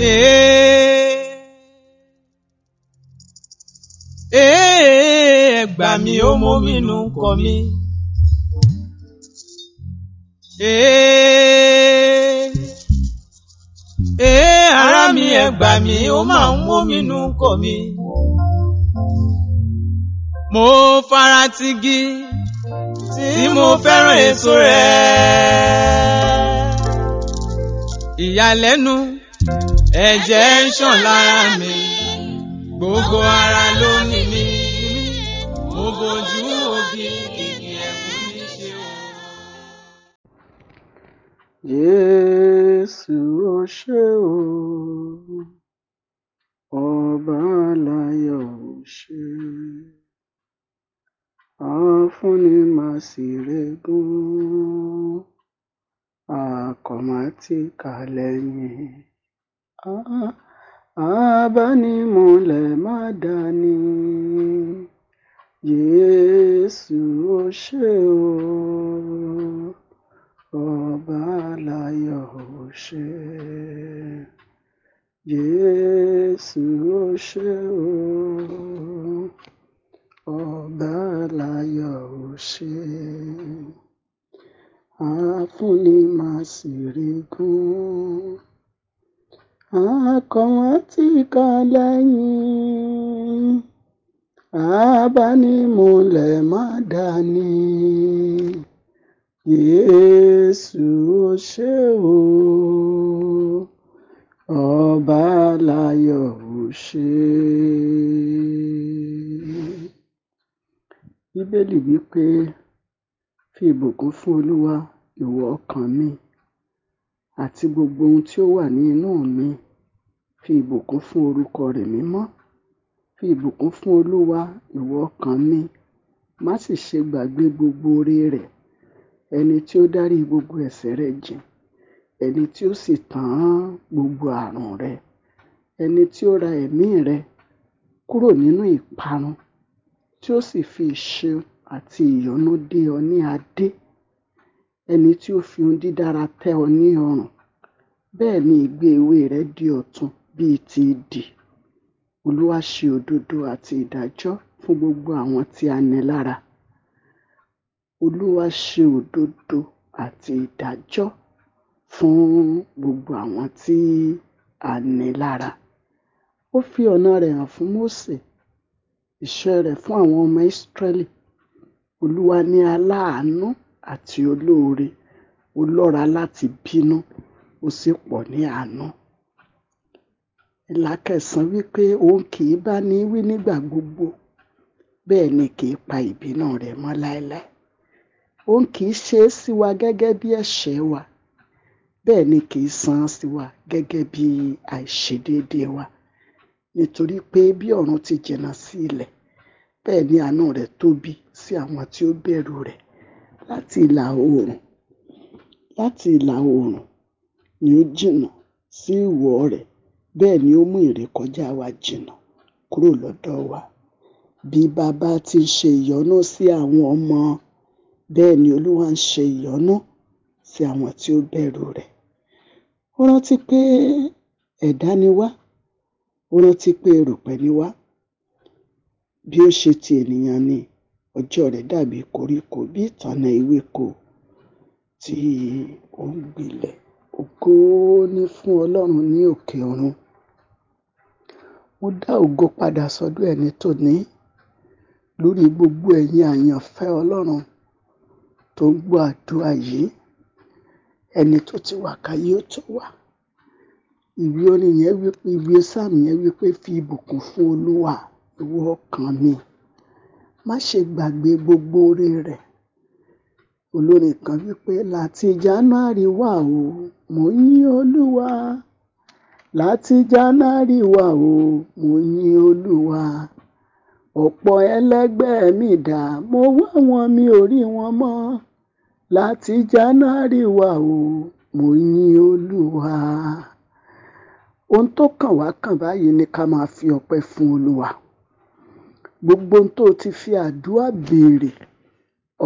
Eh, eh, ẹ gbà mí ó mú mi nù kọ mi. Ee, eh, ara mi ẹ gbà ó máa ń mú mi nù kọ mi. Mo fara ti gi tí mo fẹ́ràn èso rẹ̀. Ìyàlẹ́nu ẹ̀jẹ̀ ń ṣàn lára mi gbogbo ara ló ní mi mo bojú ògiri ẹ̀kún ní ṣe o. Jésù ó ṣé o, ọba aláyọ̀ ó ṣé, afúnni máa sì régún, àkànmá ti kà lẹ́yìn abánimọ̀lẹ̀ má dání Jésù ó ṣé o ọba aláyọ̀ ó ṣé Jésù ó ṣé o ọba aláyọ̀ ó ṣé afúnni máṣìírí gún akọ̀wọ́n ti kọ̀ lẹ́yìn abánimúlẹ̀ má dání Jésù ó ṣé o ọba aláyọ̀ ó ṣé. Bíbélì wípé fi ìbùkún fún Olúwa ìwọ ọkàn mi àti gbogbo ohun tí ó wà ní inú mi. Fi ìbùkún fún orúkọ rẹ̀ mímọ́. Fi ìbùkún fún Olúwa, ìwọ ọkàn mi. Má sì ṣe gbàgbé gbogbo oore rẹ̀, ẹni tí ó dárí gbogbo ẹ̀ṣẹ̀ rẹ jìn, ẹni tí ó sì tán gbogbo ààrùn rẹ, ẹni tí ó ra ẹ̀mí rẹ kúrò nínú ìparun, tí ó sì fi ìṣe àti ìyọ́nú dé ọ ní adé ẹni tí ó fi ohun dídára tẹ́ ọ ní ọrùn bẹ́ẹ̀ ni ìgbé ewé rẹ di ọ̀tun bíi ti idì olúwa ṣe òdodo àti ìdájọ́ fún gbogbo àwọn tí a ní lára olúwa ṣe òdodo àti ìdájọ́ fún gbogbo àwọn tí a ní lára ó fi ọ̀nà rẹ̀ hàn fún Mósè ìṣe rẹ̀ fún àwọn ọmọ Ísírẹ́lì olúwa ni aláàánú àti olóore ó lọ́ra láti bínú ó sì pọ̀ ní àánú. Ìlà kẹsàn-án wípé òun kì í bá ní wí nígbà gbogbo bẹ́ẹ̀ ni kì í pa ìbínú rẹ̀ mọ́ láéláé. Òun kì í ṣe é sí wa gẹ́gẹ́ bí ẹ̀ṣẹ̀ wa bẹ́ẹ̀ ni kì í san án sí wa gẹ́gẹ́ bí àìṣedéédé wa nítorí pé bí ọ̀run ti jìnnà sí ilẹ̀ bẹ́ẹ̀ ni àánú rẹ̀ tóbi sí àwọn tí ó bẹ̀rù rẹ̀ láti ìlà oòrùn láti ìlà oòrùn ni ó jìnnà sí ìwọ̀ rẹ̀ bẹ́ẹ̀ ni ó mú ìrékọjá wa jìnnà kúrò lọ́dọ̀ wa. Bí bàbá ti ń ṣe ìyọ́nú sí àwọn ọmọ bẹ́ẹ̀ ni Olúwa ń ṣe ìyọ́nú sí àwọn tí ó bẹ̀rù rẹ̀. Ó rántí pé ẹ̀dá ni wá, ó rántí pé erùpẹ̀ ni wá, bí ó ṣe ti ènìyàn ni ọjọ́ rẹ̀ dàbí koríko, bí ìtànná ewéko tí ó ń gbilẹ̀. Ògo ni fún Ọlọ́run ní òkè ọ̀run. Mo dá ògo padà sọ́dọ̀ ẹ ní tòní lórí gbogbo ẹ̀yin àyànfẹ́ Ọlọ́run tó ń gbọ́ àdúrà yìí. Ẹni tó ti wà káyé ó tó wà. Ìwé orin yẹn wípé, ìwé Sáàmù yẹn wípé fi ìbùkún fún Olúwa, ìwọ ọkàn mi. Má ṣe gbàgbé gbogbo oore rẹ̀. Olórin kan wí pé láti January wá o, mò ń yin Olúwa. Láti January wá o, mò ń yin Olúwa. Ọ̀pọ̀ ẹlẹgbẹ́ mi dà, mo wá wọn mi ò rí wọn mọ́. Láti January wá o, mò ń yin Olúwa. Ohun tó kàn wá kàn báyìí ni ká máa fi ọpẹ́ fún Olúwa gbogbo ohun tó o ti fi àdúrà béèrè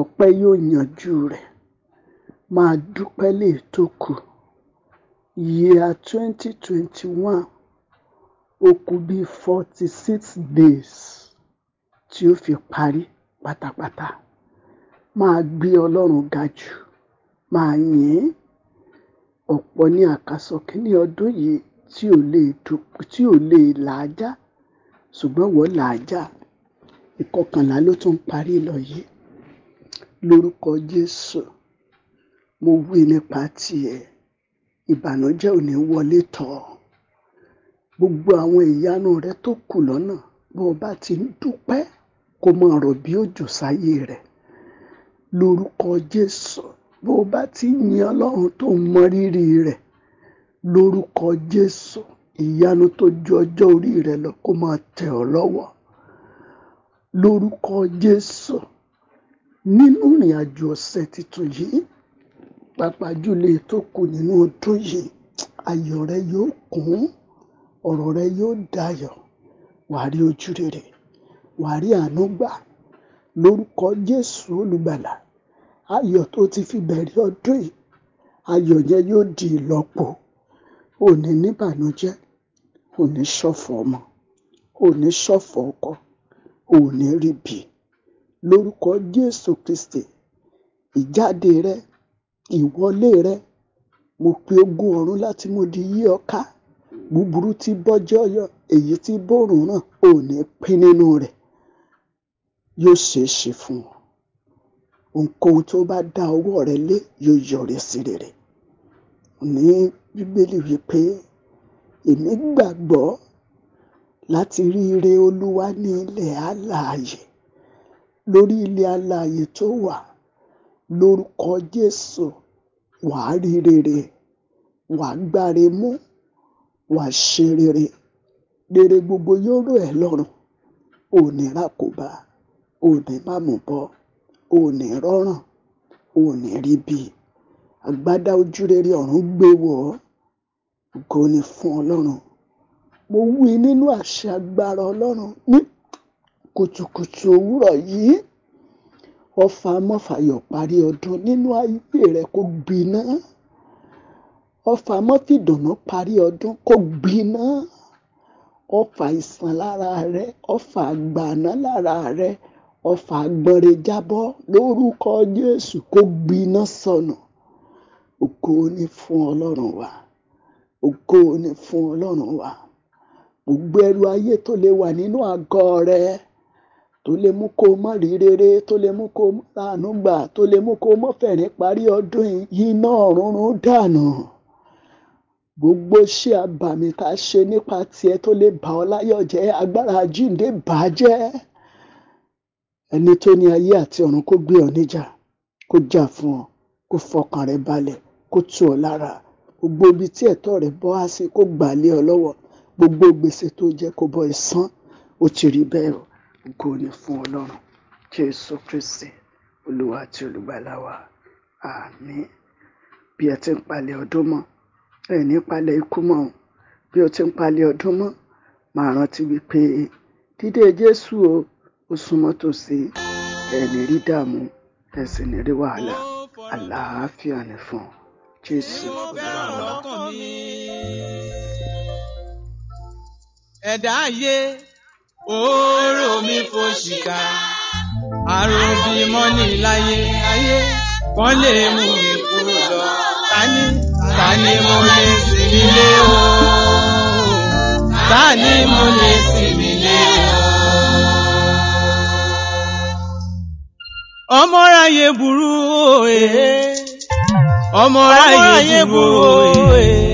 ọpẹ́ yóò yanjú rẹ̀ máa dúpẹ́ lè e tó kù year twenty twenty one ó kù bíi forty six days tí ó fi parí pátápátá máa gbé ọlọ́run ga jù máa yìn ín ọ̀pọ̀ ní àkàsọ̀kí ní ọdún yìí tí ò lè làájá ṣùgbọ́n ìwọ làájá ìkọkànlá ló tún parí lọ yìí lórúkọ Jésù mo wí nípa tiẹ̀ ìbànújẹ́ ò ní wọlé tọ̀ gbogbo àwọn ìyanu rẹ tó kù lọ́nà bó o bá ti ń dúpẹ́ kó máa rọ̀ bí òjò sáyé rẹ lórúkọ Jésù bó o bá ti ń yin Ọlọ́run tó mọ rírì rẹ lórúkọ Jésù ìyanu tó ju ọjọ́ orí rẹ lọ kó máa tẹ̀ ọ́ lọ́wọ́ lórúkọ Jésù nínú ìrìn àjò ọ̀sẹ̀ tuntun yìí pàápàá jùlọ ètò kù nínú ọdún yìí ayọ̀ rẹ yóò kún ọ̀rọ̀ rẹ yóò dayọ̀ wàá ojú rere wàá àánú gbà lórúkọ Jésù olùgbàlà ayọ̀ tó ti fi bẹ̀rẹ̀ ọdún yìí ayọ̀ yẹn yóò di ìlọ́po òní níbànújẹ́ òní ṣọ̀fọ̀ ọmọ òní ṣọ̀fọ̀ ọkọ ò ní rí bí lórúkọ Jésù Kristi ìjáde rẹ ìwọlé rẹ mo pe ogun ọ̀run láti mú di yí ọ ká búburú tí bọ́jọ́ yọ èyí tí bòrùn ràn ò pín nínú rẹ̀ yóò ṣeé ṣe fún ọ ohunkóhun tó bá dá ọwọ́ rẹ lé yóò yọrí sí rere ní bíbélì wípé èmi gbàgbọ́ láti rí ire Olúwa ní ilẹ̀ alààyè lórí ilẹ̀ alààyè tó wà lórúkọ Jésù wàá rí rere wàá gbáre mú wàá ṣe rere rere gbogbo yóò rọ̀ ẹ́ lọ́rùn òní rákòbá òní mámùbọ òní rọ́rùn òní ríbi àgbádá ojú ọ̀run gbé wọ̀ ọ́ fún Ọlọ́run. Mo wí nínú àṣẹ agbára Ọlọ́run ní kùtùkùtù òwúrọ̀ yìí. Ọfà mọ́fàyọ̀ parí ọdún nínú ayé rẹ kó gbiná. Ọfà mọ́fìdùnnú parí ọdún kó gbiná. Ọfà ìsàn lára rẹ, ọfà àgbàná lára rẹ, ọfà àgbọ̀nrẹ̀ jábọ́ lórúkọ Jésù kó gbiná sọnù. Ògo ni fún Ọlọ́run wa. Ògo ni fún Ọlọ́run wa gbogbo ẹrù ayé tó lè wà nínú àgọ́ rẹ tó lè mú kó o mọ rí rere tó lè mú kó o mọ láàánú gbà tó lè mú kó o mọ fẹ̀rín parí ọdún yìí iná ọ̀rúnrún dànù gbogbo ṣé àbàmì tá a ṣe nípa tiẹ̀ tó lè bà ọ́ láyọ̀ jẹ́ agbára jíǹde bà jẹ́ ẹni tó ní ayé àti ọ̀run kó gbé ọ níjà kó jà fún ọ kó fọkàn rẹ balẹ̀ kó tù ọ lára gbogbo ibi tí ẹ̀tọ́ rẹ bọ́ á sí kó gbà lé ọ lọ́wọ́ gbogbo gbèsè tó jẹ́ kó bọ́ ìsan ó ti rí bẹ́ẹ̀ o ògo ni fún ọlọ́run jésù kristi olúwa àti olùgbàlà wa àmín bí ẹ ti ń palẹ̀ ọdún mọ́ ẹ ní palẹ̀ ikú mọ́ o bí o ti ń palẹ̀ ọdún mọ́ máa rántí wípé dídé jésù o ó súnmọ́ tòsí ẹ ní rí dààmú ẹ sì ní rí wàhálà àlàáfíà ni fún jésù olúwa wa ẹ̀dá ayé oró mi fò ṣìkà àròbímọ́ ní láyé ayé wọ́n lè mú mi kúrò lọ tani tani mo lè sì nílé o tani mo lè sì nílé o. ọmọráyé burú òye eh. ọmọráyé burú òye.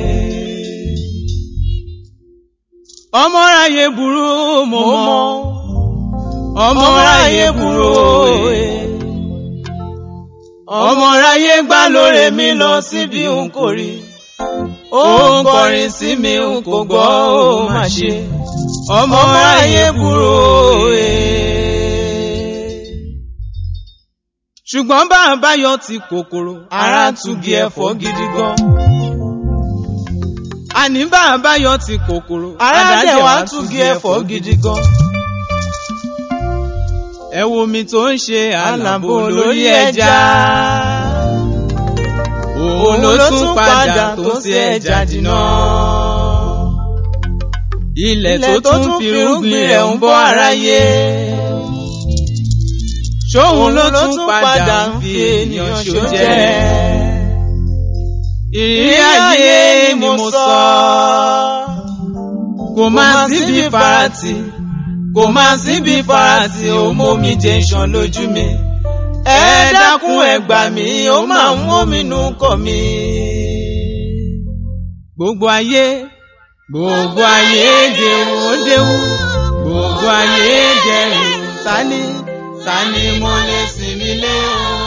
ọmọ ráyé burú mo mọ̀ ọmọ buru burú òye ọmọ ráyé gbá lóore mi lọ síbi n kò rí ó ń kọrin sí mi n kò gbọ́ ó mà ṣe ọmọ ráyé burú ṣùgbọ́n bá a ti kòkòrò ara tugi ẹ̀fọ́ gidi gan àní bá a bá yọ ti kòkòrò àdájẹ wa tún gé ẹ̀fọ́ gidi gan. ẹ wo omi tó ń ṣe àlàbò lórí ẹja òun ló tún padà tó ṣe ẹja dìná ilẹ̀ tó tún fi irúgbìn rẹ̀ ń bọ́ aráyé ṣóun ló tún padà ń fi ènìyàn ṣojẹ́ ìrírí ayé ni mo sọ kò má síbi farati kò má síbi farati ó mú mi jẹ ìṣàn lójú mi ẹ dákun ẹ gbà mí ó máa ń ominú kọ mi. gbogbo ayé gbogbo ayé dẹ̀wù dẹ̀wù gbogbo ayé dẹ̀rù tani tani mo lè sinmi lé o.